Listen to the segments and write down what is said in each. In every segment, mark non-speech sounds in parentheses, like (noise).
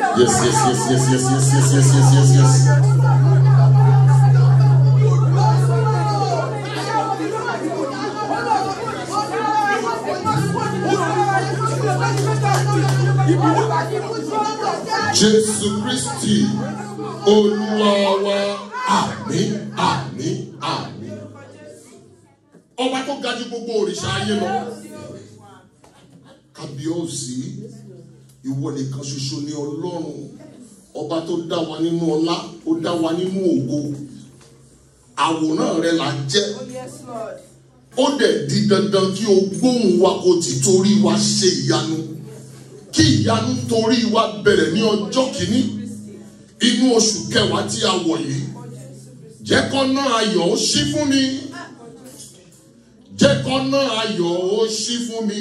Yes, yes, yes, yes, yes, yes, yes, yes, yes, yes, yes. Jésù Kristi Olúwa wa àmín àmín Ọba tó ga jù gbogbo òrìṣà ayé lọ. Kàbíọ́sì ìwọ nìkan ṣoṣo ni ọlọ́run ọba tó dá wa nínú ọlá ó dá wa nínú ògo àwòrán rẹ là ń jẹ́ oh, ó dẹ̀ di dandan kí o gbóhùn wa kò ti torí wa ṣe ìyanu kí ìyanu torí wa bẹ̀rẹ̀ ní ọjọ́ kìíní inú oṣù kẹwàá tí a wọ̀ yìí jẹ́ kọ́nà ayọ̀ ó ṣí fún mi jẹ́ ayọ̀ ó ṣí fún mi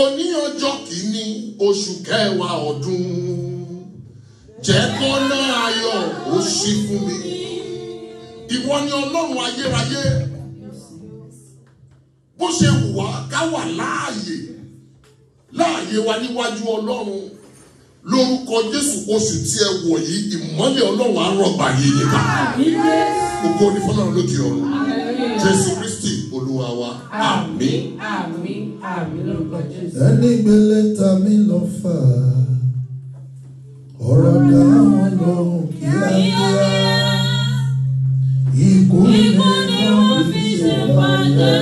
oní ọjọ́ kìíní oṣù kẹwàá ọdún jẹ́ kọ́nà ayọ̀ ó ṣí fún mi ìwọ ni ọlọ́run ayérayé bó ṣe wù wá ká wà láàyè láàyè wa níwájú ọlọ́run lórúkọ jésù oṣù tí ẹ wọ̀ yìí ìmọ́lẹ̀ ọlọ́run á yìí nípa gbogbo onífọ́nà lókè ọ̀run jésù olúwa wa. àmín àmín àmín lórúkọ jésù. ẹni gbélé ta mi lọ fà á ọ̀rọ̀ dá wọn lọ́rùn kíákíá ikú ni wọ́n fi ṣe pàdé.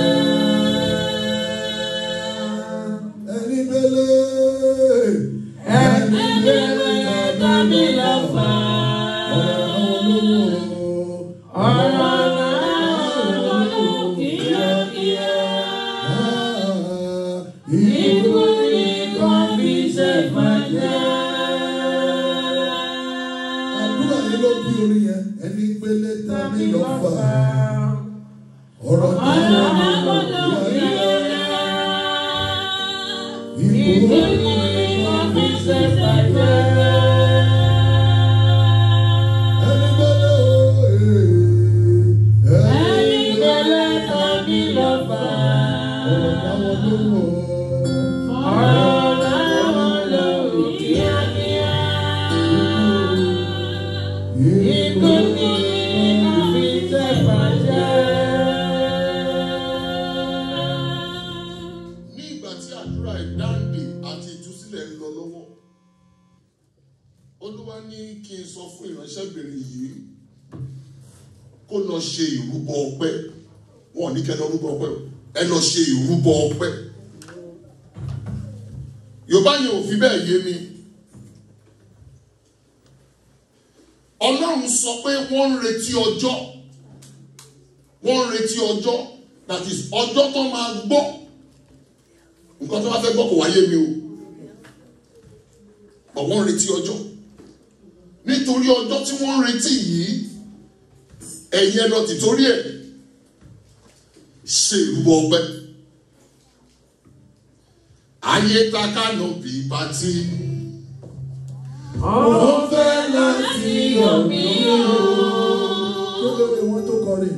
ní kẹ́ ẹ lọ rúbọ ọpẹ́ o ẹ lọ ṣe ìrúbọ ọpẹ́ yorùbá yẹn ò fi bẹ́ẹ̀ yé mi ọlọ́run sọ pé wọ́n ń retí ọjọ́ wọ́n ń retí ọjọ́ that is ọjọ́ tó máa gbọ́ nǹkan tó bá fẹ́ gbọ́ kò wáyé mi o but wọ́n ń retí ọjọ́ nítorí ọjọ́ tí wọ́n ń retí yìí ẹ̀yin ẹ̀ lọ tìtorí ẹ̀ ṣe ìrúbọ ọpẹ́ ayé taka lọ bí patí. ó fẹ́ láti yọ̀ mí o. kí ló lè wọ́n tó kọrin.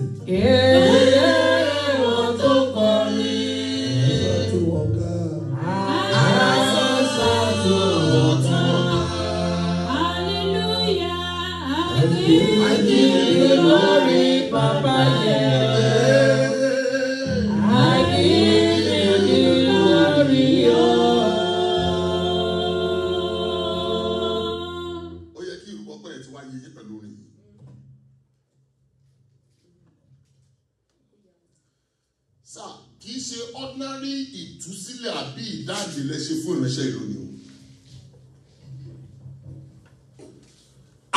extraordinary ìtúsílẹ̀ àbí ìdáǹdè lẹ́sẹ̀ fún ìránṣẹ́ ìlónìí o.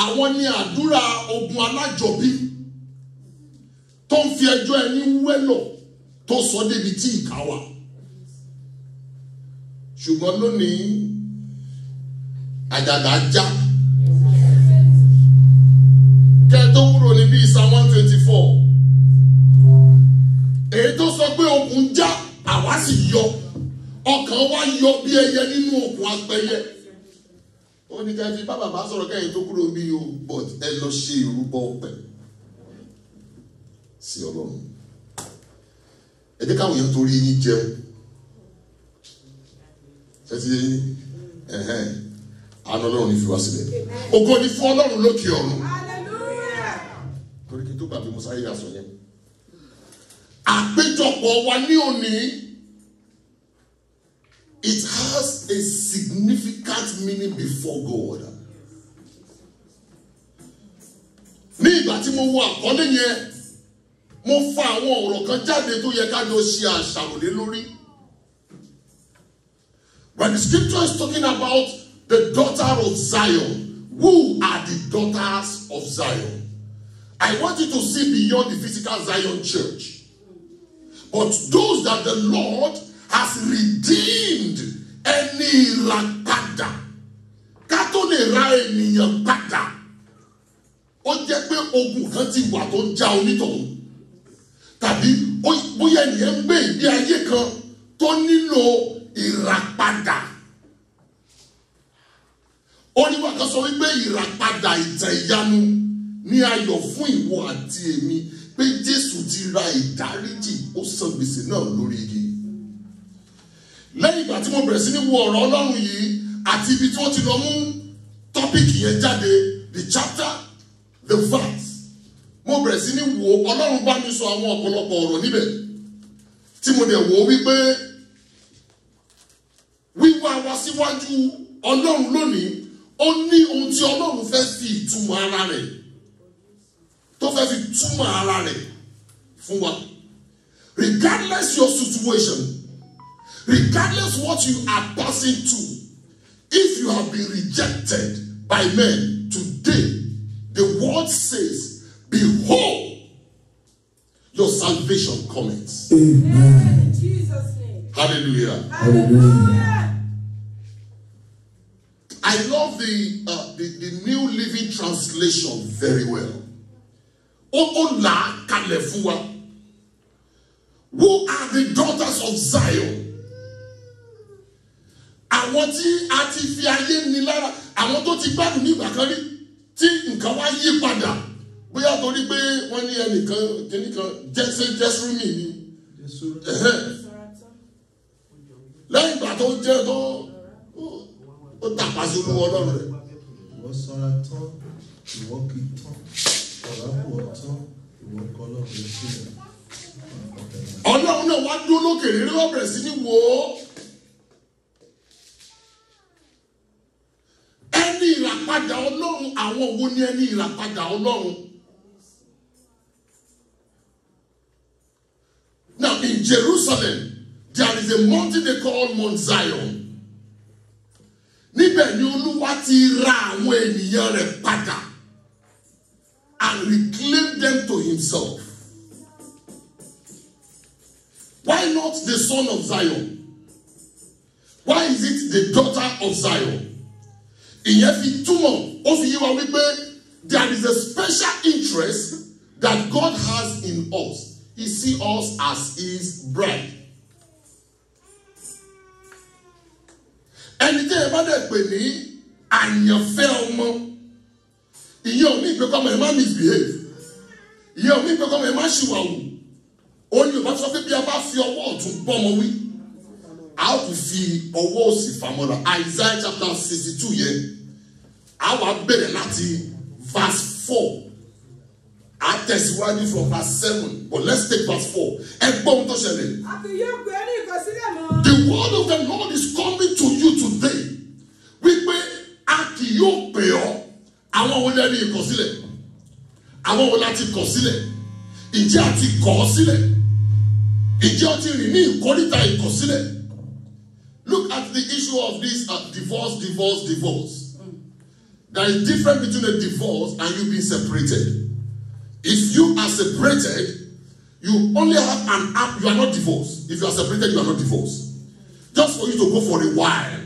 àwọn ni àdúrà ogun alájọbí tó ń fi ẹjọ́ ẹni wẹ́lọ̀ tó sọ débi tí ìka wà ṣùgbọ́n lónìí àjàgà já kẹ́ẹ̀tọ́ kúrò ní bíi psalm one twenty four èyí tó sọ pé ogun já àwa sì yọ ọkàn wa yọ bí ẹyẹ nínú òkun apẹyẹ ó ní ká fi bá bàbá sọ̀rọ̀ káyìn tó kúrò mí o but ẹ lọ ṣe ìrúbọ ọpẹ́ sí ọlọ́run ẹ jẹ́ káwọn èèyàn torí yín jẹun ṣe ti yé yín àánú ọlọ́run ní fi wá sílẹ̀ ògo ni fún ọlọ́run lókè ọ̀run torí kí tó gbàgbé musa yíyá sọ yẹn àpéjọpọ̀ wa ní òní it has a significant meaning before God. ní ìgbà tí mo wo àkọlé yẹn mo fa àwọn ọ̀rọ̀ kan jáde tó yẹ ká lọ ṣe àṣàrò lórí. But the scripture is talking about the daughter of Zion. Who are the daughters of Zion? I want you to see beyond the physical Zion church. But those that the Lord has redeemed any ra padà ká tó lè ra ènìyàn padà ó jẹ́ pé ogun kan ti wà tó ń já onítọ̀hún tàbí bóyá ènìyàn ń gbé ìgbé ayé kan tó nílò ìràpadà oníwà sọ wípé ìràpadà ìtẹ̀ ni ayọ̀ fún ìwọ àti èmi pé jésù ti ra ìdáríjì ó san gbèsè náà lórí igi lẹ́yìn ìgbà tí mo bẹ̀rẹ̀ sí ní wo ọ̀rọ̀ ọlọ́run yìí àti ibi tí wọ́n ti lọ mú tọ́pìkì yẹn jáde the chapter the verse mo bẹ̀rẹ̀ sí ní wo ọlọ́run bá mi sọ àwọn ọ̀pọ̀lọpọ̀ ọ̀rọ̀ níbẹ̀ tí mo dẹ̀ wò ó wípé wíwá wa síwájú ọlọ́run lónìí ó ní ohun tí ọlọ́run fẹ́ fi ìtumọ̀ ara rẹ̀ tó fẹ́ fi túmọ̀ ara rẹ̀ fún wa regardless your situation regardless what you are passing through if you have been rejected by men today the word says behold your salvation cometh. Amen. Hallelujah. Hallelujah. I love the, uh, the, the New Living Translation very well ó ó là á who are the daughters of Zion àwọn tí a ti fi ayé ni lára àwọn tó ti gbádùn ní ìgbà kan rí tí nǹkan wá yí padà bóyá torí pé wọ́n ní ẹnìkan kìnnìkan jẹ́sẹ̀ jẹ́sùrùmí ni lẹ́yìn ìgbà tó jẹ́ tó ó tàpá sí olúwa ọlọ́run rẹ̀. ìwọ sanra tán ìwọ ọlọ́run náà wá dúró lókè rere wọ́n bẹ̀rẹ̀ sí ní wò ó. ẹni ìràpadà ọlọ́run àwọn wo ni ẹni ìràpadà ọlọ́run. Now in Jerusalem there is a mountain they call Mount Zion. Níbẹ̀ ni Olúwa ti ra àwọn ènìyàn rẹ̀ padà and reclaim them to himself. Why not the son of Zion? Why is it the daughter of Zion? In fi túmọ̀ ó fi yé there is a special interest that God has in us. He sees us as his bride. Ẹni tí ẹ bá dẹ̀ pè ní àyànfẹ́ ọmọ ìyẹn ò ní ìpè kọ́mọ ẹ̀ má misbehave ìyẹn ò ní ìpè kọ́mọ ẹ̀ má ṣìwàwù òun yóò bá sọ pé bí a bá fi ọwọ́ ọ̀tún bọ́mọ wí a ó fi ọwọ́ òsì fàmọ́ra Isaiah chapter sixty two yẹn a wà bẹ̀rẹ̀ láti verse four a tẹ̀síwájú from verse seven but let's take verse four ẹ gbọ́ ohun tó ṣẹlẹ̀. àfìyẹ́ ògbẹ́ ní ìkọsílẹ̀ mọ́. àwọn wo lẹ́ni ìkọ̀ sílẹ̀ àwọn wo láti kọ̀ sílẹ̀ ìjẹ́ àti kọ̀ sílẹ̀ ìjẹ́ àti rìn ní ìkórìtà ìkọ̀ look at the issue of this uh, divorce divorce divorce there is difference between a divorce and you being separated if you are separated you only have an app you are not divorced if you are separated you are not divorced just for you to go for a while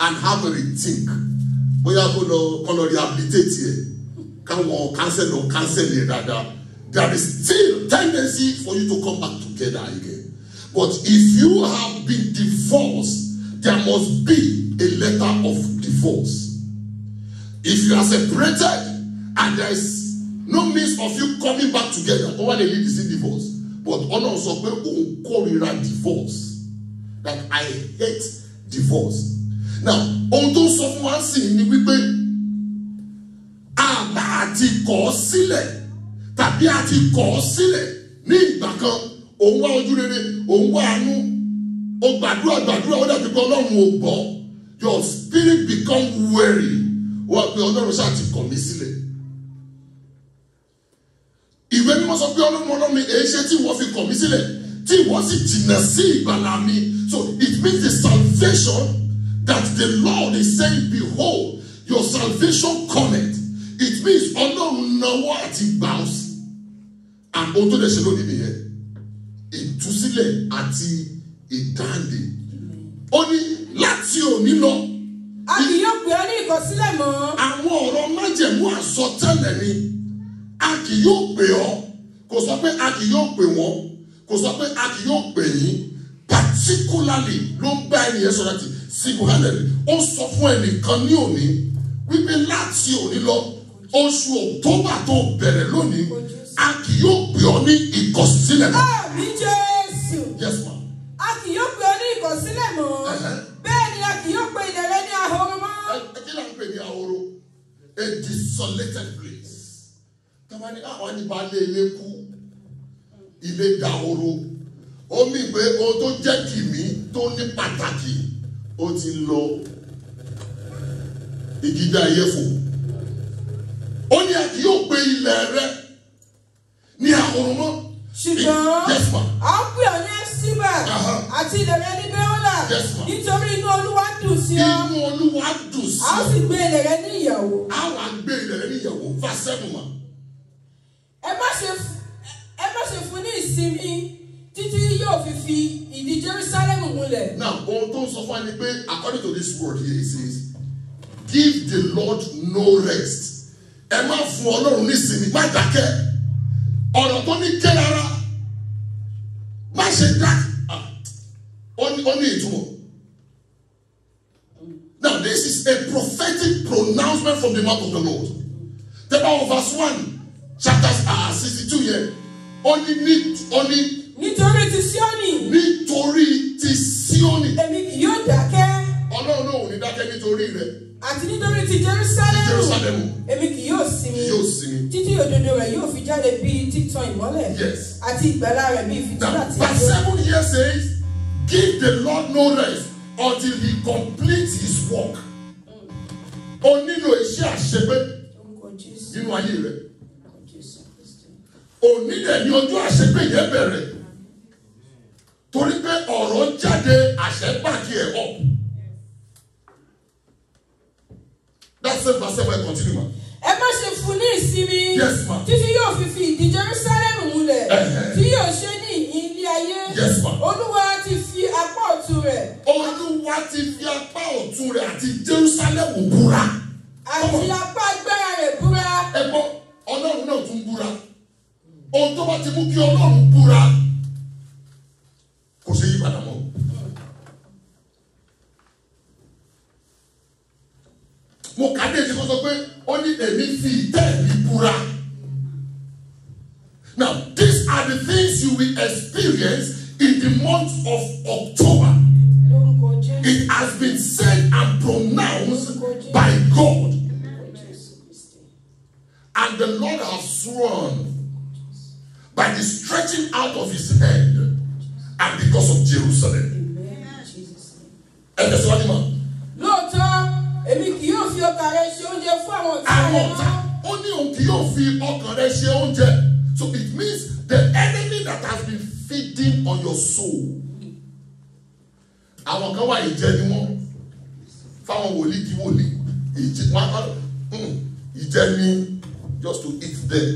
and have a rethink bóyá kó lọ kọ́ lọ rehabilitate yẹ káwọn cancel lọ cancel yẹ dáadáa there is still tendency for you to come back together again but if you have been divorced there must be a letter of divorce if you are separated and there is no means of you coming back together over the lead is in divorce but ọlọ́run sọ pé òun kórìíra divorce that I hate divorce now ohun tó ń sọ fún wa sì ni wípé àbá àti kọ̀ ọ́ sílẹ̀ tàbí àti kọ̀ ọ́ sílẹ̀ ní ìgbà kan òun wá ojú rere òun wá àánú o gbàdúrà gbàdúrà ó dàbí pé ọlọ́run ò gbọ́ your spirit become weary wọ́n pe ọlọ́run ṣáà ti kọ̀ mí sílẹ̀ ìwé mímọ́ sọ pé ọlọ́run ọlọ́run mi èé ṣe tí wọ́n fi kọ̀ mí sílẹ̀ tí wọ́n sì jìnnà sí ìgbàlà mi so it means the salvation that the Lord is saying, Behold, your salvation cometh. It means Ọlọ́run náwó àti gbà ọ́ sí. And ohun tó lè ṣe lónìí nìyẹn. Ìtúsílẹ̀ àti ìdáǹdè. Ó ní láti òní know. A kì yóò pè ọ́ ní ìkọsílẹ̀ mọ́. Àwọn ọ̀rọ̀ májẹ̀mú àsọtẹ́lẹ̀ ni. A kì yóò pè ọ́. Kò sọ pé a kì yóò pè wọ́n. Kò sọ pé a kì yóò pè yín. Particularly ló ń bá ẹnìyẹn sọ láti single-handedly ó sọ fún ẹnìkan ní òní wípé láti òní lọ oṣù october tó bẹ̀rẹ̀ lónìí a kì yóò pè ọ́ ní ìkọ̀sílẹ̀ mọ́. àmì ah, jésù a kì yóò pè ọ́ ní ìkọ̀sílẹ̀ mọ́ bẹ́ẹ̀ ni a kì yóò pè ilẹ̀ ní ahoro mọ́. ẹ kí ló ń pè ní ahoro a desolated place tọ́mọ́ni àwọn ìbá lé ilé kú ilé dahoro ó mì ohun tó jẹ́ kìmí tó ní pàtàkì ó ti lọ ìgídá ayé fò ó ní àti yóò gbé ilẹ̀ rẹ ní àkùrùn ṣùgbọ́n a pè ọ́ ní ẹ́síbà àti ilẹ̀ rẹ ní bẹ́ọ́là nítorí inú olúwa dùn sí ọ. inú olúwa dùn sí ọ. a sì gbé ilẹ̀ rẹ ní ìyàwó. a wà gbé ilẹ̀ rẹ ní ìyàwó fà sẹ́nu ma ẹ má ṣe fún ní ìsinmi títí yóò fi fi ìdí Jerusalem múlẹ̀. now ohun tó ń sọ fún wa ni pé according to this word here it says give the Lord no rest ẹ má fún Ọlọ́run nísìnyí má dákẹ́ ọ̀rọ̀ tó ní kẹ́ rárá má ṣe dá ah, ó ní ìtumọ̀. Now, this is a prophetic pronouncement from the mouth of the Lord. The Bible, verse 1, chapters uh, ah, 62 here. Only need, only nítorí ti Síónì. nítorí ti Síónì. èmi kì yóò dákẹ́. ọlọ́run náà ò ní dákẹ́ nítorí rẹ̀. àti nítorí ti Jerusalemu. Jerúsálẹ́mù. èmi kì yóò sinmi. kì yóò sinmi. títí òdodo rẹ̀ yóò fi jáde bíi títan ìmọ́lẹ̀. yes. àti ìgbàlà rẹ̀ bíi fìtílà tí. now by seven years says give the Lord no rest until he completes his work. o nílò iṣẹ́ àṣepé nínú ayé rẹ̀. òní dẹ̀ ni ọjọ́ àṣepé yẹn bẹ̀rẹ̀ torí pé ọ̀rọ̀ jáde àṣẹ gbàgé ẹ̀ ọ̀. that same verse wey continue ma. ẹ má ṣe fún ní ìsinmi títí yóò fi fi ìdí Jerusalem múlẹ̀ tí yóò ṣe ní ìyìn ilé ayé olúwa ti fi apá ọ̀tún rẹ̀. olúwa ti fi apá ọ̀tún rẹ̀ àti Jerusalem búra. àti apá agbára rẹ̀ búra. ẹ gbọ́ ọlọ́run náà tún búra ohun tó bá ti mú kí ọlọ́run búra kò sí yípadà mọ́. mo kàdé èsì kó pé ó ní èmi fi ìtẹ́ mi búra. Now these are the things you will experience in the month of October. It has been said and pronounced by God. And the Lord has sworn by the stretching out of his hand and because of Jerusalem. ẹ tẹ̀síwájú ma. lóòótọ́ èmi kì yóò fi ọkàn rẹ ṣe oúnjẹ fún àwọn ọ̀tá rẹ. àwọn ọ̀tá ó ní kì yóò fi ọkàn rẹ ṣe oúnjẹ so it means the enemy that has been feeding on your soul. àwọn kan wà ìjẹ ni wọn fáwọn wòlíì kí wòlíì ìjẹ wọn hmm, ìjẹ ni just to eat there.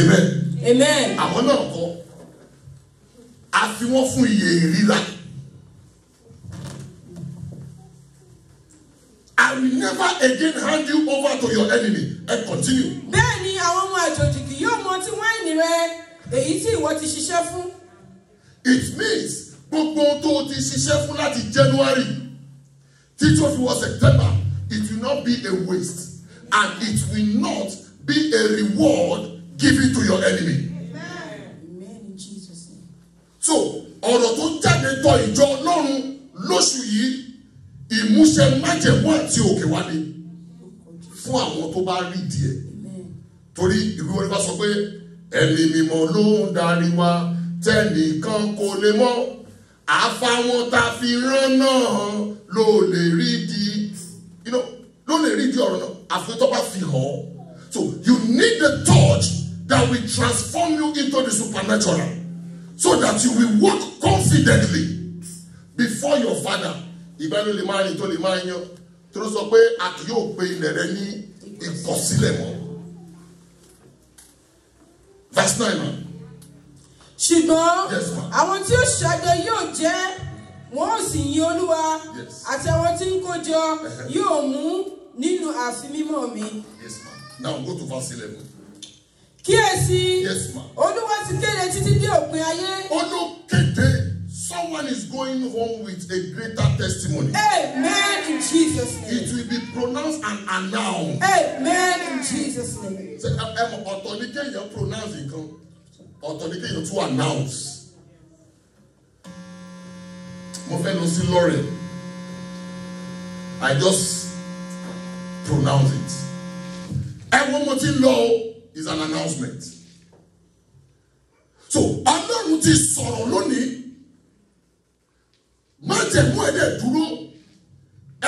amen. amen. àwọn náà kọ́ a fi wọ́n fún iye rírà. I will never again hand you over to your enemy. Ẹ continue. Bẹ́ẹ̀ ni àwọn ọmọ àjòjì kì yóò mọ tí wáìnì rẹ èyí tí ìwọ ti ṣiṣẹ́ fún. It means gbogbo tó o ti ṣiṣẹ́ fún láti January títí o fi wọ September it will not be a waste and it will not be a reward given to your enemy so ọ̀rọ̀ tó jáde tọ ìjọ ọlọ́run lóṣù yìí ìmúṣẹ májẹ̀mú àti òkè wá ni fún àwọn tó bá rí díẹ̀ torí ìlú wọn bá sọ pé ẹ̀mí mímọ́ ló ń darí wa tẹ́nìkan kò lè mọ̀ àfàwọn tá a fi rán náà ló lè rí di ló lè rí di ọ̀rọ̀ náà àfi bá fi hàn so you need the touch that will transform you into the supernatural so that you will walk confidently before your father ìbẹ́nu lè máa yin tó lè máa yan tó sọ pé a kì yóò pe ilẹ̀ rẹ ní ìkọsílẹ̀ mọ́ verse nine. ṣùgbọ́n àwọn tí ó ṣàgbé yóò jẹ́ wọn ò sì yin olúwa àti àwọn tí ń kó jọ yóò mú nínú ààfin mímọ́ mi. yes ma now go to verse eleven kíyèsí. yes ma. olúwa ti kéde títí dé òpin ayé. olú kéde someone is going home with a greater testimony. amen in jesus name. it will be pronounced and announced. amen in jesus name. ṣe ẹ mọ ọ̀tọ̀ ní kéèyàn pronounce nǹkan ọ̀tọ̀ ní kéèyàn tún announce. mo fẹ́ lọ sí lọ́rẹ̀ i just pronounce it. ẹ wo mo ti lọ o is an announcement. So Ọlọ́run ti sọ̀rọ̀ lónìí. Májẹ̀mú ẹ̀dẹ̀ dúró.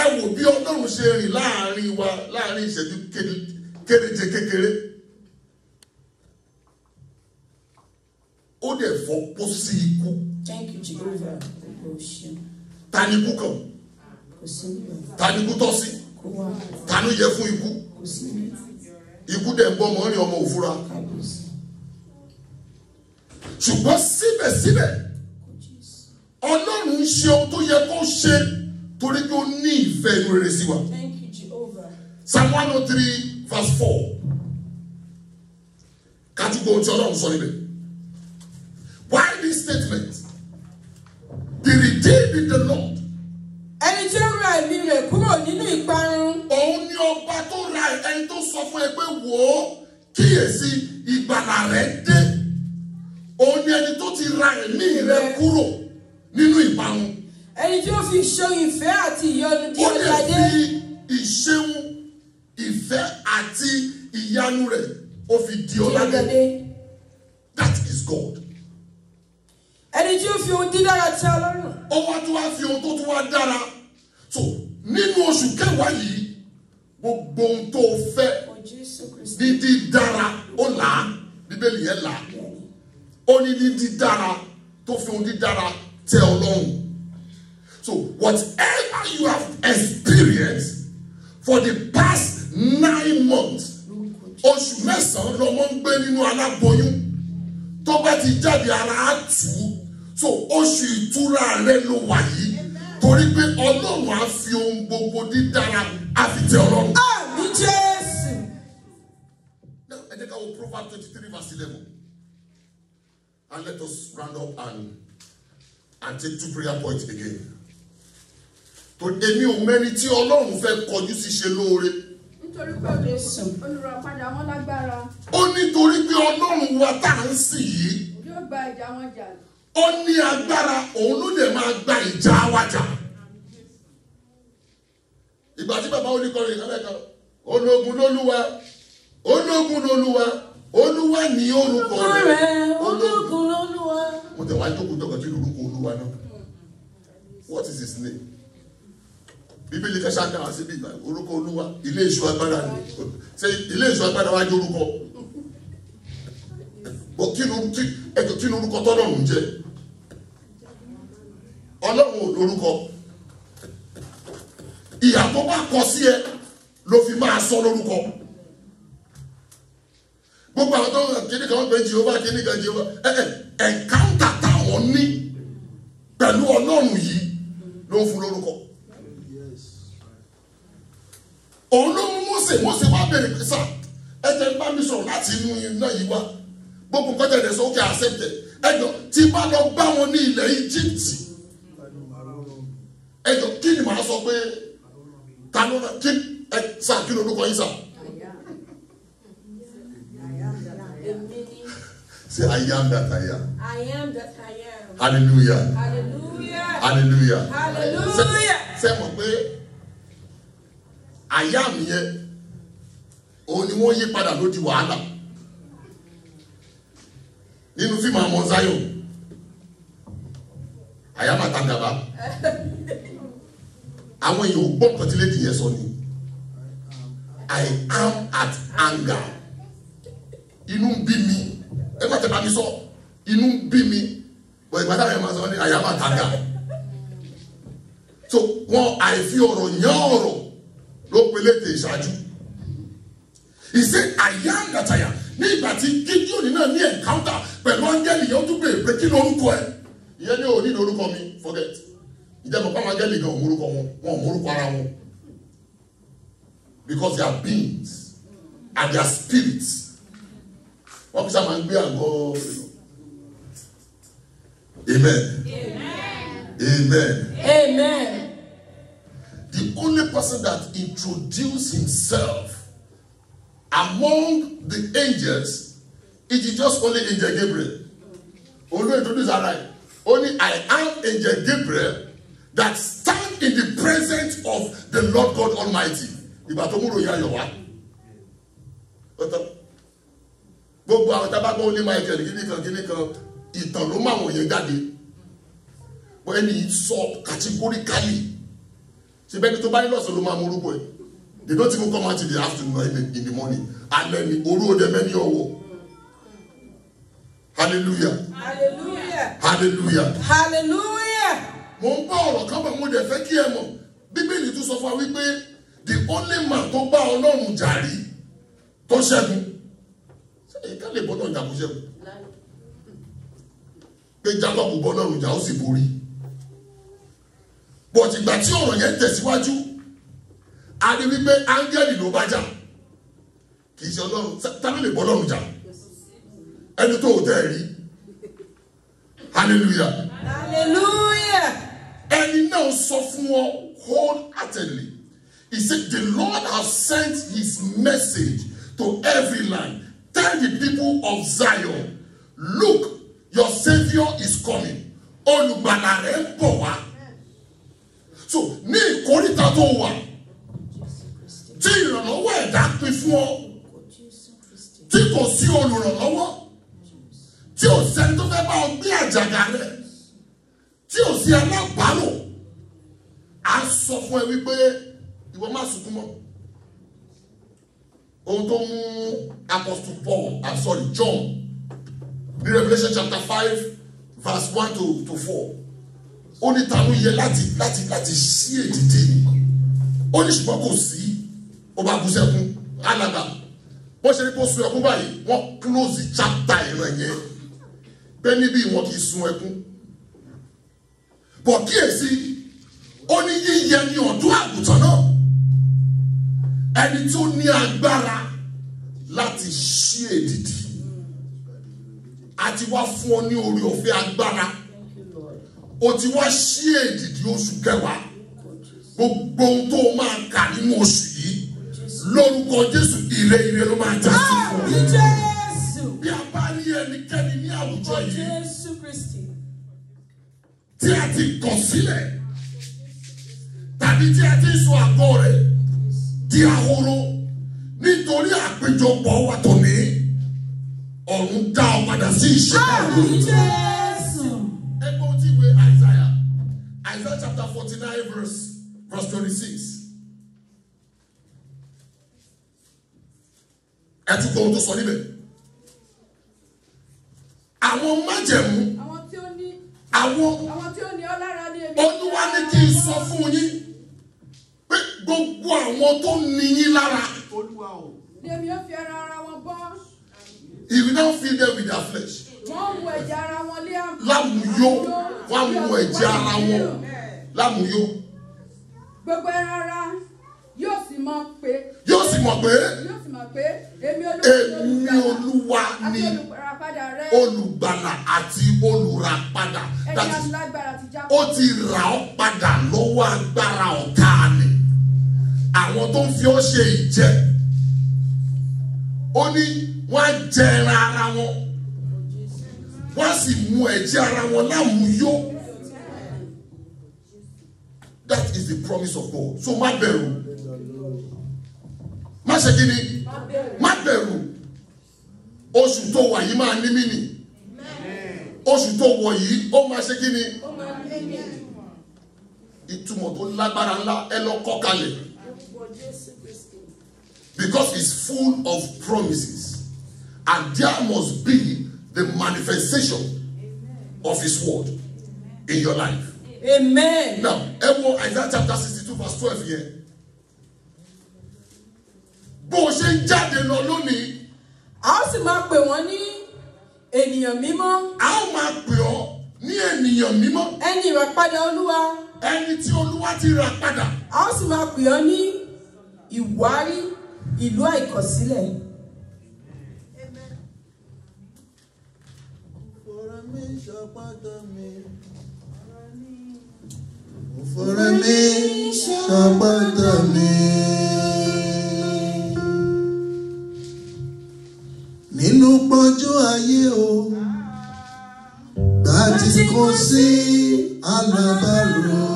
Ẹ wò bí Ọlọ́run ṣe rìn láàrin wa láàrin ìṣẹ́jú kéréje kékeré. Ó dẹ̀ fọ́ kó sí ikú. Thank you, Jehovah. Ta ni ikú kàn? Ta ni ikú tọ́ sí? Ta ló yẹ fún ikú? ikú dẹ̀ ń bọ́ ọmọ rìn ọmọ òfura ṣùgbọ́n síbẹ̀síbẹ̀ ọlọ́run ń ṣe ohun tó yẹ kó ṣe torí pé ó ní ìfẹ́ inú rere sí wa psalm one hundred oh three verse four kájúgbó tí ọlọ́run sọ níbẹ̀ why this statement the redeemed in the Lord. ẹni tí ó ra ẹ̀mí rẹ̀ kúrò nínú ìparun. òun ni ọba tó ẹni tó sọ fún ẹ pé wò ó kíyèsí ìgbàlà rẹ dé òun ni ẹni tó ti ra ẹ̀mí rẹ kúrò nínú ìparun. ẹni tí ó fi ìṣeun ìfẹ́ àti ìyanu tí ó dé. ó lè fi ìṣeun ìfẹ́ àti ìyanu rẹ̀ ó fi di ọ̀làdé. that is God. ẹni tí ó fi ohun dídára tí Ọlọ́run. ó wá tún wá fi ohun tó tún wá dára. so nínú oṣù kẹwàá yìí gbogbo ohun tó fẹ́ oh, dídí dára ó là á bíbélì yẹn là á ó ní dídí dára tó fi ohun dídára tẹ ọlọ́run so whatever you have experienced for the past nine months oṣù mẹ́sàn-án lọ́mọ ń gbé nínú aláboyún tó bá ti jáde ara á tù ú so oṣù ìtura rẹ ló wà yìí torí pé ọlọ́run á fi ohun gbogbo dídára á fi tẹ ọlọ́run. àmì jésù. ẹ jẹ́ ká wo proverbs twenty three verse eleven and let us round up and and take two prayer points again. tó èmi ò mẹ́ni tí ọlọ́run fẹ́ kọjú sí ṣe lóore. nítorí pé olùsùn olùràpadà wọn lágbára. ó nítorí pé ọlọ́run wa tá à ń sìn yìí. yóò gba ìjà wọn jà ó ní agbára òun ló lè máa gba ìjà wájà ìgbà tí bàbá oníkọrin ìkàlẹ̀ kan ológun lólúwa ológun lólúwa olúwa ní orúkọ rẹ ológun lólúwa. mo tẹ̀ wá jókòó jọ̀kọ̀ kí lórúkọ olúwa náà what is his name bíbélì kẹsàn-án dáhà síbi ìgbà orúkọ olúwa ilé ìṣọ́ agbára ni ṣé ilé ìṣọ́ agbára wá orúkọ bọ̀ kí ni ẹjọ́ kí ni orúkọ tọ́lọ́run ń jẹ́ ọlọ́run ò lórúkọ ìyà tó bá kọ sí ẹ ló fi máa sọ lórúkọ gbogbo àwọn tó ń kíní kan pé jehova kíní kan jehova ẹ ẹ ẹ̀ńkáńtà táwọn ní pẹ̀lú ọlọ́run yìí ló ń fún lórúkọ òun ló mú Mósè Mósè wá bèrè pé sá ẹ jẹ́ bá mi sọ̀rọ̀ láti inú iná yìí wá gbogbo kọjá ẹ̀dẹ̀ sọ ó kẹ́ accepted ẹ̀dọ̀ tí bá lọ bá wọn ní ilẹ̀ Egypt ẹ̀dọ̀ kí ni màá sọ pé ta ló kí ẹ sá kí ló lóko yín sá. Say, I am that I am. I am that I am. Hallelujah. Hallelujah. Hallelujah. Hallelujah. Ṣé pé I am yẹn òun ni wọ́n yí padà ló di wàhálà nínú fíìmù àwọn zion àyàmàtàgàbà àwọn èèyàn gbọ́ nǹkan tí lady yẹn sọ ni i am at anger inú ń bí mi ẹ má tẹ̀lé mi sọ inú ń bí mi wọ ìgbà táwọn èèyàn máa sọ ní àyàmàtàgà so wọn àìfi ọ̀rọ̀ yẹn ọ̀rọ̀ ló pe léde ìṣáájú he say i am that i am ní ìgbà tí gídíònì náà ní encounter pẹ̀lú áńgẹ́lì yẹn ó tún béèrè pé kí ló orúkọ ẹ̀ ìyẹn ní òní lórúkọ mi forget ìjẹ́bọ̀ pàmò áńgẹ́lì gan òmórúkọ wọn wọn òmórúkọ ara wọn because they are beings and they are spirits wọ́n fi sábà ń gbé àgọ́ amen amen amen the only person that introduce himself among the angels it is just only angel Gabriel olú introduce ara yìí only I am angel Gabriel that stand in the presence of the Lord God Almighty ìgbà tó múrò yá yọ gbogbo àwọn tábà gbọ́ onímọ̀ ẹ̀jẹ̀ kan kíní kan ìtàn ló máa wòye jáde wọ́n ẹni sọ kàtígóríkálì ṣe bẹ́ẹ̀ ni tó bá ní lọ́sọ̀ọ́ ló máa mú orúkọ yìí. They don't even come out in the afternoon or in the, in the morning. And then Oru de many owo. Hallelujah. Hallelujah. Hallelujah. Hallelujah. Mo ń bá ọ̀rọ̀ the bá mo dẹ̀ fẹ́ kí ẹ we pay. the only man to buy Ọlọ́run jà to tó ṣẹ́gun. Ṣé ìka lè bọ́ náà jà kó ṣẹ́gun? Pé Jákọ́bù bọ́ Ọlọ́run jà ó sì borí. Bọ̀tìgbà tí ọ̀rọ̀ yẹn a rí wípé áńgẹ́lì ló bá jà kì í ṣe ọlọ́run tani lè bọ́ ọlọ́run jà ẹni tó tẹ̀ rí hallelujah hallelujah ẹni náà sọ fún ọ wholeheartedly he said the lord has sent his message to every land tell the people of zion look your saviour is coming olùgbàlà rẹ̀ ń bọ̀ wá so ní ìkórìtà tó wà tí ìrànlọ́wọ́ ẹ̀dá pin fún ọ tí kò sí olùrànlọ́wọ́ tí ò sẹ́ni tó fẹ́ bá ọ gbé àjàgà rẹ tí ò sí alábàárò à ń sọ fún ẹ wípé ìwọ má sunkún mọ́ ohun tó mú apostle Paul I'm sorry John ní Revelation chapter five verse one to to four ó ní ta ló yẹ láti láti láti ṣí èdìdì ó ní ṣùgbọ́n kò sí ó bá bú sẹ́kún alàgbà bó ṣe ní kó sun ẹkún báyìí wọ́n close chapter ìran yẹn bẹ́ẹ̀ níbí wọn kì í sun ẹkún bọ̀ kíyèsí ó ní yíyẹ ní ọ̀dún àgùntàn náà ẹni tó ní agbára láti ṣí èdìdì àti wá fún ọ ní orí òfin agbára o ti wá ṣí èdìdì oṣù kẹwàá gbogbo ohun tó máa kà nínú oṣù lórúkọ jésù ire ire ló máa já sí fún un bí a bá rí ẹnikẹ́ni ní àwùjọ yìí tí a ti kọ̀ sílẹ̀ tàbí tí a ti sọ àgọ́ rẹ̀ di ahoro nítorí àpéjọpọ̀ wa tó ní ọ̀run dá ọ padà sí ìṣẹ́ká lóòótọ́. Ẹgbẹ́ ojú ìwé Isaiah Isaiah chapter forty nine verse verse twenty six. ẹ tún gbọ́ ohun tó sọ níbẹ̀ àwọn májẹ̀mú àwọn olúwa ní kí n sọ fún yín pé gbogbo àwọn tó ní yín lára lèmi ó fi ara ara wọn bọ́. He will now feed them with their flesh. Wọ́n mu ẹ̀jẹ̀ ara wọn lé àpò. Lámùyó. Wọ́n mu ẹ̀jẹ̀ ara wọn. Lámùyó. Gbogbo ẹran ara yóò sì mọ̀ pé. Yóò sì mọ̀ pé èmi olúwa ni olùgbàlà àti olùràpadà ó ti rà ọ́ padà lọ́wọ́ agbára ọ̀tá ni àwọn tó ń fi ọ́ ṣe ìjẹ ó ní wọ́n á jẹ ẹran ara wọn wọ́n á sì mu ẹ̀jẹ̀ ara wọn láwùjọ. That is the promise of God. So má bẹ̀rù. Má ṣe kí ni má bẹ̀rù oṣù tó wà yìí máa ní mí nì oṣù tó wọ̀ yìí ó máa ṣe kí ni ìtumọ̀ tó lágbára ńlá ẹ lọ kọ́ kalẹ̀ because it's full of promises and there must be the manifestation of his word in your life. Amen. Now, ẹ wo Isaiah chapter sixty-two verse twelve yẹn bó o ṣe ń jáde lọ lónìí. a ó sì máa pè wọ́n ní ènìyàn mímọ́. a ó máa pè ọ́ ní ènìyàn mímọ́. ẹni ìràpadà olúwa. ẹni tí olúwa ti rà padà. a ó sì máa pè ọ́ ní ìwárí ìlú àìkọsílẹ̀. Ọ̀rọ̀ mi ṣàpàtà mi. Ọ̀rọ̀ mi ṣàpàtà mi. nínú pọ́njú ayé o gbàtí kò sí alábàárò.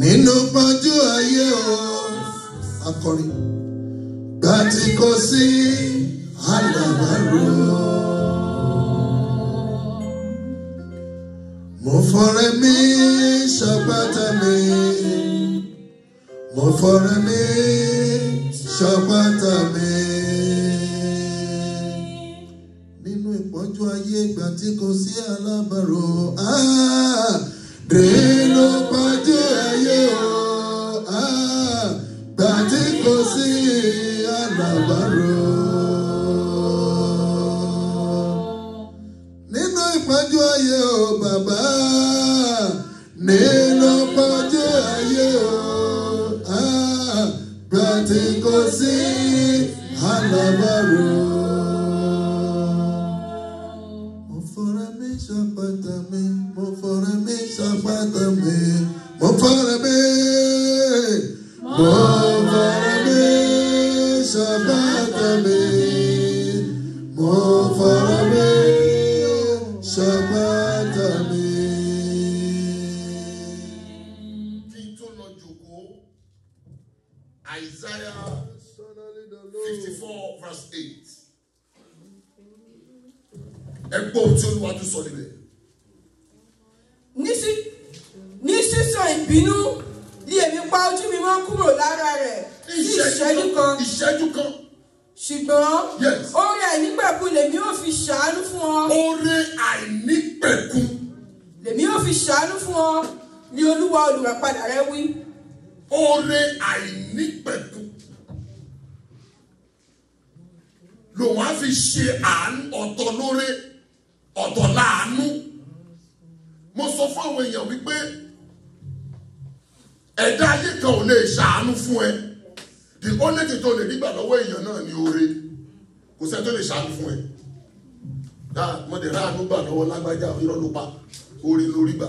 nínú pọ́njú ayé o akọrin gbàtí kò sí alábàárò. mo fọrẹ mi ṣàgbàtà mi ọ̀fọ̀rẹ́ mi ṣàpáta mi. nínú ìpọ́njú ayé ìgbà tí kò sí alábàárò ah, dè ló pọ́njú ayé o ah, gbà tí kò sí. àti kò sí alábàárò. mo lè ráàánú gbà lọ́wọ́ lágbájá irọ́ ló pa orí lórí gbà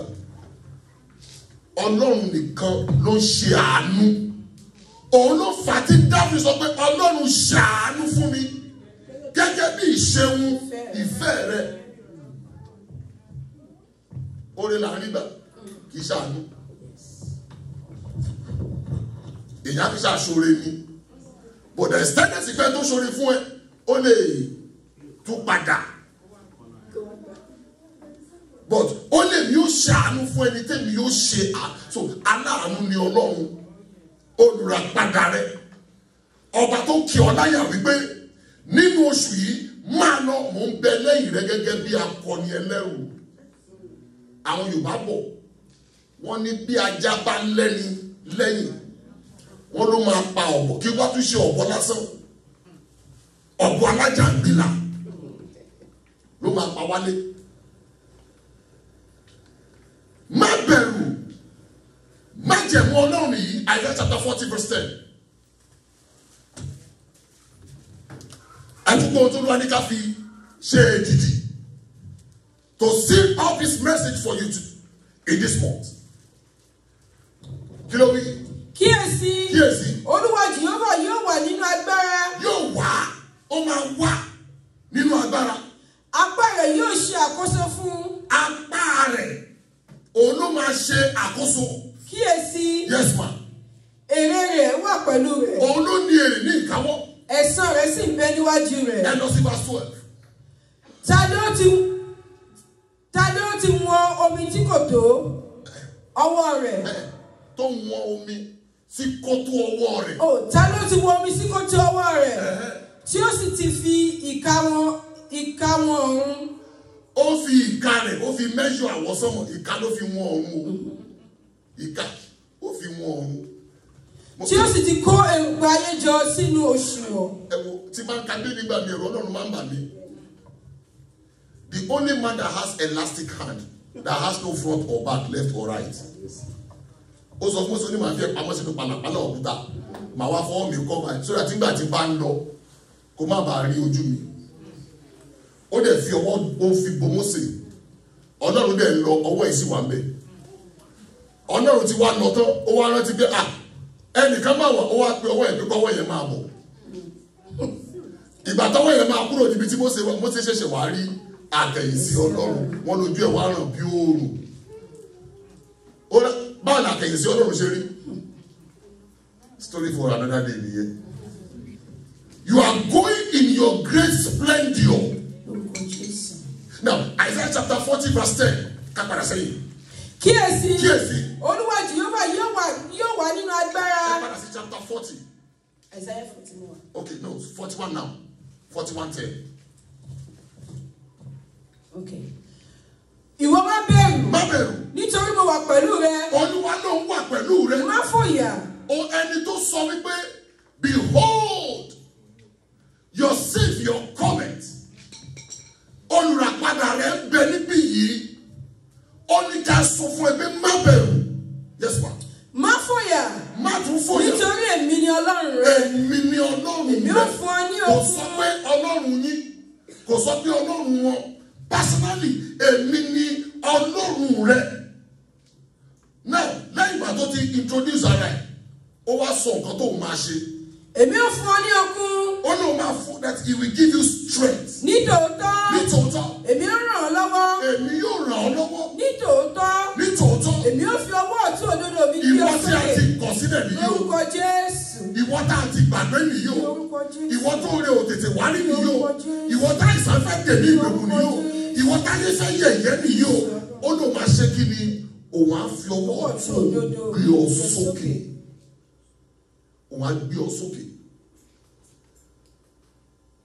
ọlọ́run nìkan ló ń ṣe àánú òun ló fà á tí dáfi sọ pé ọlọ́run ṣàánú fún mi gẹ́gẹ́ bí ìṣeun ìfẹ́ rẹ orí là gbà kì í ṣàánú èyí fi ṣàṣore ni bọ̀dẹ̀ stẹ́tẹ̀sì fẹ́ tó ṣore fún ẹ ó lè tún padà but ó lè mi ó ṣe àánú fún ẹni tẹ́mi yóò ṣe àtò aláàánú ni ọlọ́run olùràpadà rẹ ọba tó kí ọ láyà wípé nínú oṣù yìí máa lọ mò ń bẹ lẹ́yìn rẹ gẹ́gẹ́ bí akọni ẹlẹ́rù àwọn Yorùbá bọ̀ wọ́n ní bí ajá bá lẹ́ni lẹ́yìn wọ́n ló máa pa ọ̀bọ kí wọ́n tún ṣe ọ̀bọ lásán ọ̀bọ alájà gbìlà ló máa pa wálé má bẹ̀rù má jẹ̀mú ọlọ́run yìí Isaiah chapter forty verse ten. àtúgbò tó lọ́wọ́ ní ká fi ṣe èdìdì to seal up this message for you to, in this month. kí ló wí. kíyèsí. kíyèsí. sọ́mọ̀ ìka ló fi wọn ọ̀run o ìka ó fi wọn ọ̀run. tí ó sì ti kó èròǹgbà ayé jọ sínú òṣùwọ̀n. ẹ wo tí máa ń ka dé nígbà mi ẹ̀rọ ọlọ́run máa ń bà mí. The only man that has elastic hand that has no front or back left or right. ó sọ fún sọ́ni màá fi pamọ́ sínú pàlàpàlà òkúta màá wá fọwọ́ mi kọ́ báyìí sódà tí gbà tí bá ń lọ kó má bàa rí ojú mi ó dẹ̀ fi ọwọ́ ó fi bomose ọlọ́run dẹ̀ ń lọ ọwọ́ yìí wà ń bẹ̀ ọlọ́run ti wá lọ ó wá rántí pé à ẹnìkan máa wà ó wá pe ọwọ́ yẹn pé yẹn máa bọ̀ ìgbà tọ́wọ́ yẹn máa kúrò níbi tí Mósè ṣẹ̀ṣẹ̀ wá rí àtẹ̀yìnsí ọlọ́run wọn lójú ẹ̀ wá ràn bí oòrùn báwo ni àtẹ̀yìnsí ọlọ́run ṣe rí story for another day nìyẹn you are going in your great splendour. Now, Isaiah chapter forty verse ten, ká say. sẹ́yìn. Kíyèsí. Kíyèsí. Olúwa Jehova yóò wà yóò wà nínú agbára. Ká say chapter forty. Isaiah forty one. Okay, no, forty one now, forty one ten. Okay. Ìwọ má bẹ̀rù. Má bẹ̀rù. Nítorí mo wà pẹ̀lú rẹ. Olúwa ló ń wà pẹ̀lú rẹ. Má fòyà. O ẹni tó sọ wípé behold your savior coming olùràpadà rẹ̀ ń bẹ níbí yìí ó ní ká sọ fún ẹ pé má bẹ̀rù yes ma. má fòyà má tún fòyà nítorí èmi ni ọlọ́run rẹ èmi ni ọlọ́run rẹ èmi ò fún ọ ní òkú kò sọ pé ọlọ́run yín kò sọ pé ọlọ́run wọn personally èmi ni ọlọ́run rẹ now lẹ́yìn ìgbà tó ti introduce ara ẹ̀ ó wá sọ nǹkan tó máa ṣe. Èmi ò fún ọ ní okun. Ó lóun máa fún that he will give you strength. Ní tòótọ́. Ní tòótọ́. Èmi ó ràn ọ́ lọ́wọ́. Èmi yóò ràn ọ́ lọ́wọ́. Ní tòótọ́. Ní tòótọ́. Èmi ó fi ọwọ́ ọ̀tún òdodo mi gbé ọ sókè. Ìwọ tí a ti kọ̀ sílẹ̀ nìyí o. Lórúkọ Jésù. Ìwọ tá a ti gbàgbé nìyí o. Lórúkọ Jésù. Ìwọ tó rẹ ò tètè wá nìyí o. Lórúkọ Jésù. Ìwọ tá ìsàn fẹ́ tèmi ìgbòho nìyí o. Ìwọ tá wàá gbé ọ sókè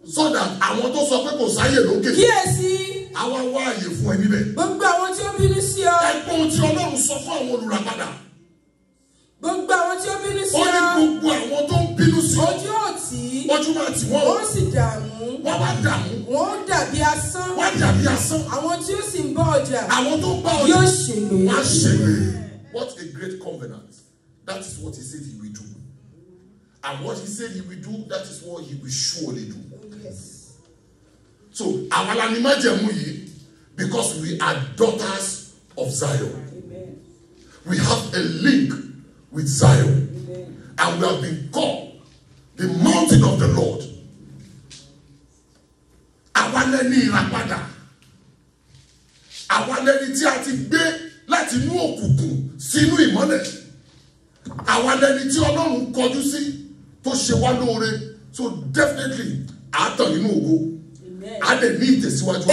so that àwọn tó sọ pé kò sáyè lókè. kíyèsí. àwa wá àyè fún ẹ níbẹ̀. gbogbo àwọn tí ó bínú sí ọ. ẹ̀gbọ́n tí Ọlọ́run sọ fún àwọn olùràpadà. gbogbo àwọn tí ó bínú sí ọ. ó ní gbogbo àwọn tó ń bínú sí ọ. ojú òtí. ojú máa tì wọ́n. ó sì dààmú. wọ́n bá dààmú. wọ́n ó dàbí asán. wọ́n á dàbí asán. àwọn tí ó sì ń bá ọjà. àwọn tó ń bá ọjà. yóò ṣègbè. wọ́n á ṣègbè. What a great covenant. That is what he said he will do. And what he said he will do, that is what he will surely do. Yes. So, àwọn alanimajẹ̀mú because we are daughters of Zion. Amen. We have a link with Zion. Amen. And we have been called the mountain of the Lord. Àwa rapada, ìràpadà. Àwa lẹni tí a ti gbé láti inú òkùnkùn sínú ìmọ́lẹ̀. Àwa lẹni tí Ọlọ́run kọjú sí. Si tó ṣe wá lóore so definitely àátàn inú ògo á lè ní ìtẹ̀síwájú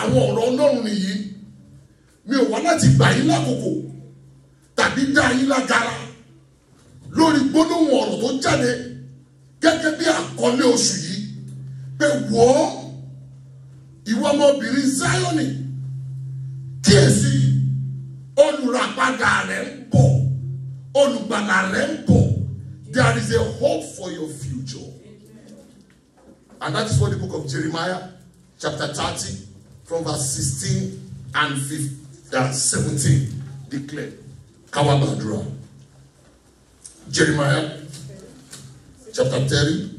àwọn ọ̀rọ̀ ọlọ́run nìyí mi ò wá láti gbà yín lákòókò tàbí dá yín lágara lórí gbólóhùn ọ̀rọ̀ tó jáde gẹ́gẹ́ bí àkọlé oṣù yìí pé wò ó ìwọ ọmọbìnrin Zioni kíyèsí olùràpadà rẹ̀ ń bọ̀ olùgbàlà rẹ̀ ń bọ̀. There is a hope for your future. And that is what the book of Jeremiah, chapter 30, from verse 16 and 15, uh, 17, declared. Kawabadra. Jeremiah, chapter 30,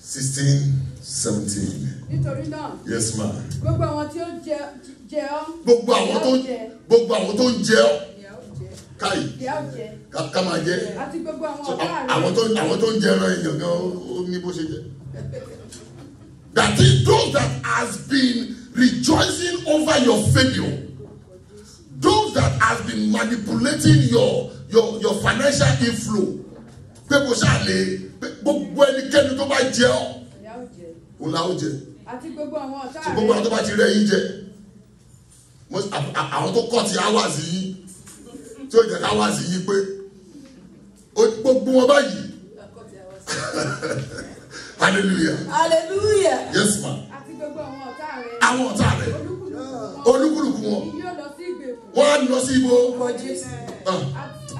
16, 17. Nítorí náà. Yes, ma'am. Gbogbo àwọn tí ó jẹ ọ́. Gbogbo àwọn tó ń jẹ ọ́ káyì ká máa jẹ àwọn tó àwọn tó ń jẹ ẹran èèyàn gan ó ní bó ṣe jẹ. that is those that has been rejoicing over your failure those that has been manipulating your your your financial inflow pé kò sáà lè gbogbo ẹnikẹ́ni tó bá jẹ ọ́ òun la jẹ àti gbogbo àwọn ọ̀tá rẹ̀ gbogbo àwọn tó bá ti rẹ̀ yín jẹ àwọn tó kọ́ ti hours yìí tí ó jẹ́ ká wá sí yí pé gbogbo wọn báyìí (laughs) hallelujah hallelujah yes ma àwọn ọ̀tá rẹ̀ olúkúlùkù wọn wọ́n á lọ sí ibo ah.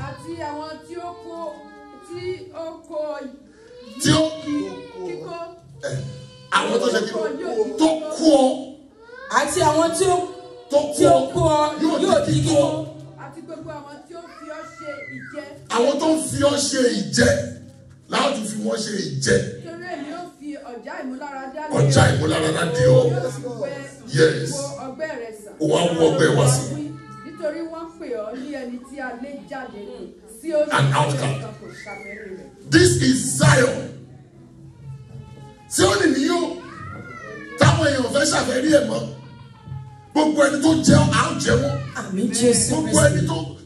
àti àwọn tí ó kó tí ó kó tí ó kíkó eh, àwọn tó ṣe kí tó kú ọ àti àwọn tí ó kú ọ yóò di kíkó gbogbo àwọn tí ó fi ọ ṣe ìjẹ. àwọn tó ń fi ọ ṣe ìjẹ láti fi wọn ṣe ìjẹ. torí èmi ó fi ọ̀já ìmúláradá lé ọ. ọ̀já ìmúláradá dé wọ ọgbẹ́ wa sí. nítorí wọ́n pè ọ́ ní ẹni tí a lé jáde sí oṣù tó ń sọkò ṣàmẹ́rì this is Zion. Zion ni yóò táwọn èèyàn fẹ́ ṣàfẹ́rí ẹ̀ mọ́ gbogbo ẹni tó jẹun à ń jẹun gbogbo ẹni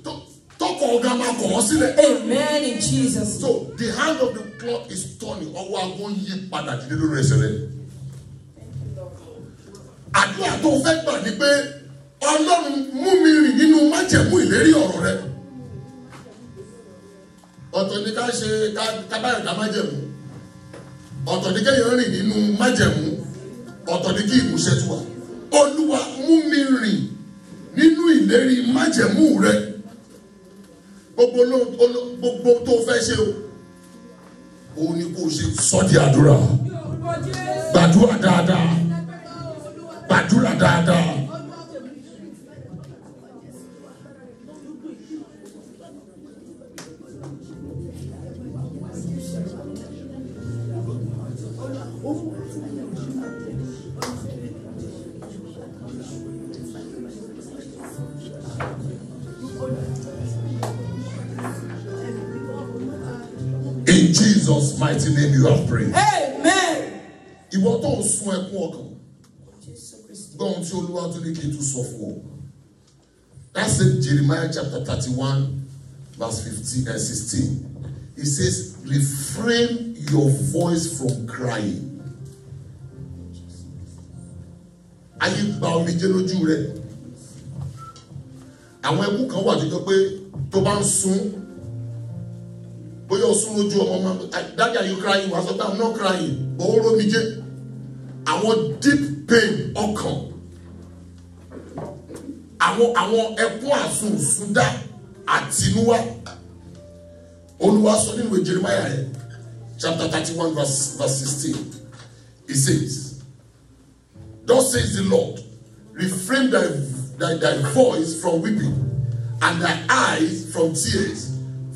tó tọkọ ọgá máa kọ̀ ọ́ sílẹ̀. amen in jesus. so the hand of the clock is turning ọwọ́ aago ń yí padà dídé lórí ẹsẹ̀ rẹ̀. àdúrà tó fẹ́ gbà ni pé ọlọ́run mú mi rìn nínú májẹ̀mú ìlérí ọ̀rọ̀ rẹ̀. ọ̀tọ̀ ni ká ṣe ká báyọ̀ ká májẹ̀mú ọ̀tọ̀ ni kéèyàn rìn nínú májẹ̀mú ọ̀tọ̀ ni kí ìmúṣẹ tù wá mú mi rìn nínú ìlérí májẹ̀mú rẹ gbogbo tó fẹ́ ṣe o òun ni kò ṣe sọ́dí àdúrà gbàdúrà dáadáa gbàdúrà dáadáa. mighty name you have prayed. Amen. Ìwọ tó ń sun ẹkún ọkàn. Gbọ́ tí Olúwa tó ní kí n tún sọ fún ọ. That's in Jeremiah chapter thirty-one verse fifteen and eh, sixteen. He says, refrain your voice from crying. Ayé gba omijé lójú rẹ̀. Àwọn ẹkún kan wà tó pé tó bá ń sun bóyá o sún lójú ọmọ ọmọ daddy are you crying wàá sọ pé i'm not crying òun romijé àwọn deep pain ọkàn àwọn àwọn ẹkún àsùnfúndà àtinúwá olúwa sọ nínú ìwé jeremiah yẹn chapter thirty one verse verse sixteen he says thus says the lord refrain thy thy thy voice from weeping and thy eyes from tears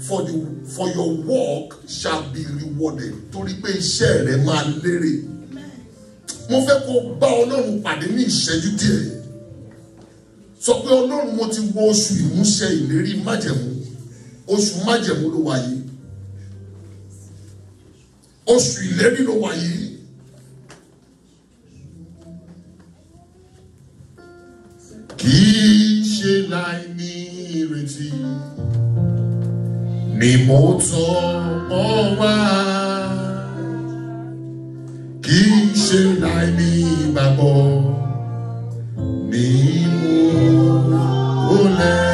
for, the, for your work shall be rewarded torí pé iṣẹ́ rẹ máa lérè mo fẹ́ kó bá ọlọ́run pàdé ní ìṣẹ́jú díẹ̀ sọ pé ọlọ́run mo ti wo oṣù ìmúṣẹ ìlérí májẹ̀mú oṣù májẹ̀mú ló wáyé oṣù ìlérí ló wáyé. kì í ṣe láì ní ìrètí ni mo tọ̀ ọ́ wá kì í ni mo ó lẹ́yìn.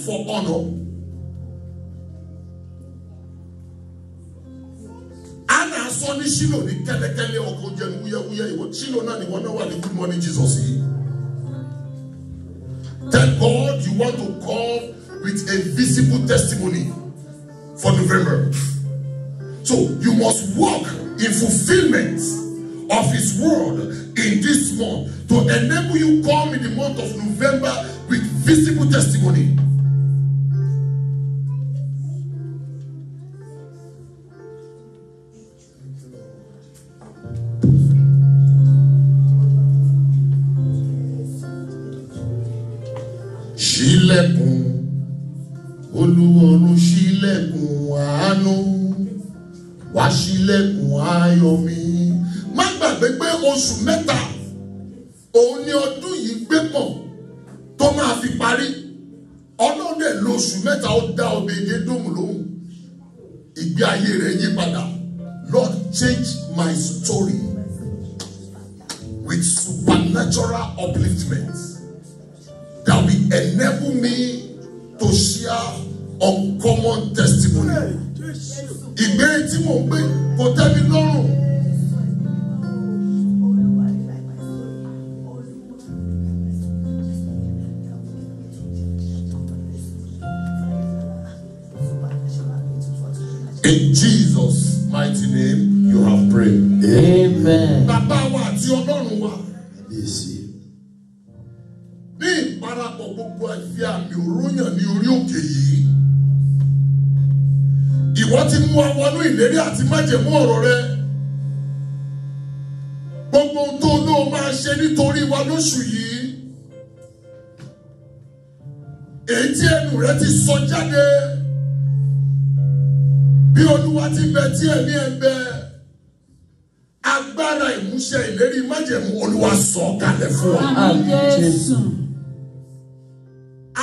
for honor. Anna sọ ní Ṣílò ní kẹ́lẹ́kẹ́lẹ́ ọkọ̀ jẹnu wúyẹ́wúyẹ́ ìwọ Ṣílò náà know the ni kelekele oko náà wà naa wa the good morning Jesus yìí. Thank God you want to come with a visible testimony for November. So you must walk in fulfillment of his word in this month to enable you come in the month of November with visible testimony. ṣílẹ̀kùn olúworun ṣílẹ̀kùn àánú wá ṣílẹ̀kùn ayọ̀ mi má gbàgbé pé oṣù mẹ́ta òun ni ọdún yìí gbé pọ̀ tó máa fi parí ọlọ́run dẹ̀ lo oṣù mẹ́ta ó dá obìnrin dóhùn lóhùn ìgbé ayé rẹ̀ yí padà Lord change my story with supernatural upliftment that will enable me to share uncommon testimony. Ìgbé tí mo gbé kò tẹ́ mi lọ́rùn. In Jesus' mighty name, you have prayed. Amen. Bàbá gbogbo àìfi àmì òróyàn ní orí òkè yìí ìwọ ti mú wọnú ìlérí àti májẹ̀mú ọ̀rọ̀ rẹ gbogbo ohun tó ló máa ṣe nítorí wa lóṣù yìí èyí tí ẹnu rẹ ti sọ jáde bí olúwa ti bẹ tí ẹ̀mí ẹ bẹ agbára ìmúṣẹ ìlérí májẹ̀mú olúwa sọ kalẹ̀ fún wa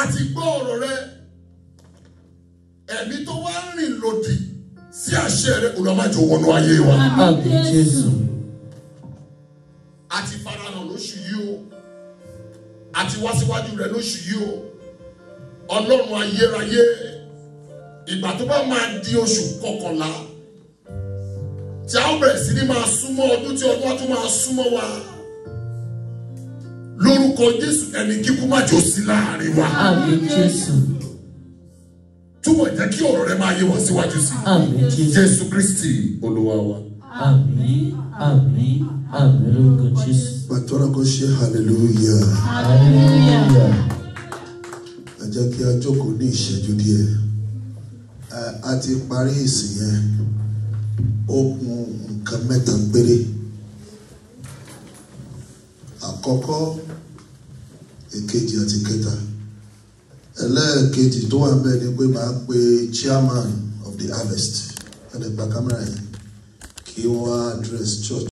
àti gbọ́ ọ̀rọ̀ rẹ ẹ̀mí tó wá ń rìn lòdì sí àṣẹ rẹ olùwàmájò wọnú ayé wa. àmín Jésù. àti farahàn lóṣù yìí o àti wá síwájú rẹ lóṣù yìí o ọlọ́run ayérayé ìgbà tó bá máa di oṣù kọkànlá tí a ó bẹ̀rẹ̀ sí ní máa súnmọ́ ọdún tí ọdún wa tún máa súnmọ́ wa lórúkọ jésù ẹni kíkú má jò sí láàrin wa. àmín jésù. túbọ̀ jẹ́ kí ọ̀rọ̀ rẹ máa yé wọn síwájú sí. àmín jésù. kristi olúwa wa. àmín kan ṣe hallelujah. hallelujah. ẹ jẹ́ kí a jókòó ní ìṣẹ́jú díẹ̀ a ti parí ìsìn yẹn ó kun nǹkan mẹ́ta péré àkọ́kọ́ èkejì àti kẹta ẹlẹ́ẹ̀kejì tó wà ń bẹ̀ ni pé màá pe chairman of the harvest ẹ̀dẹ̀gbà kámẹ́rà yẹn kí wọ́n address church.